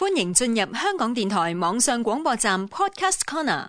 歡迎進入香港電台網上廣播站 Podcast Corner。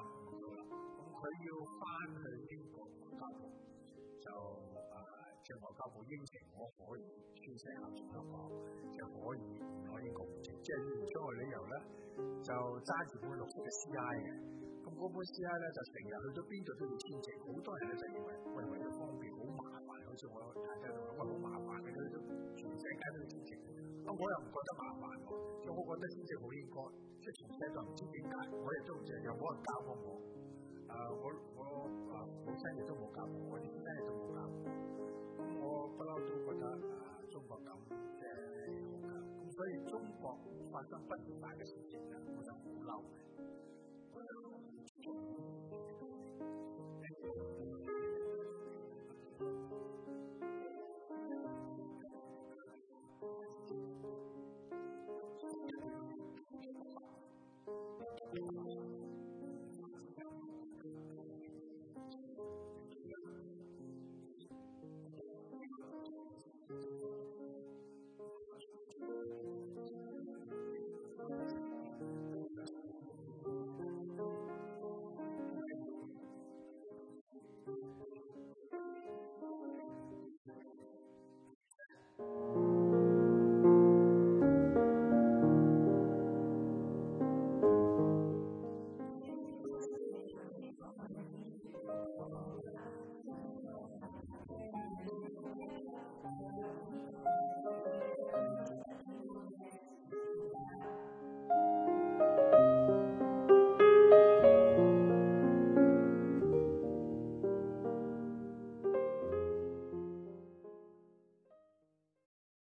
咁、嗯、佢要翻去英國做教父就誒，誒、啊，長我教父應承我可以全職合作，就可以可以共職，即係以前出去旅遊咧，就揸住本綠色 C.I 嘅，咁嗰本 C.I 咧就成日去咗邊度都要簽證，好多人咧就認為為咗方便好麻煩，咁所以我就同佢話好麻煩嘅，喺度全世界都要簽證。我我又唔覺得麻煩喎，我覺得真正好眼光，即係從細就唔知點解，我亦都唔知有冇人教過我。誒，我我母親亦都冇教過我，點解就冇教過我。我不嬲都覺得誒中國咁，即係咁，所以中國發生咁大嘅事情咧，我就好嬲嘅。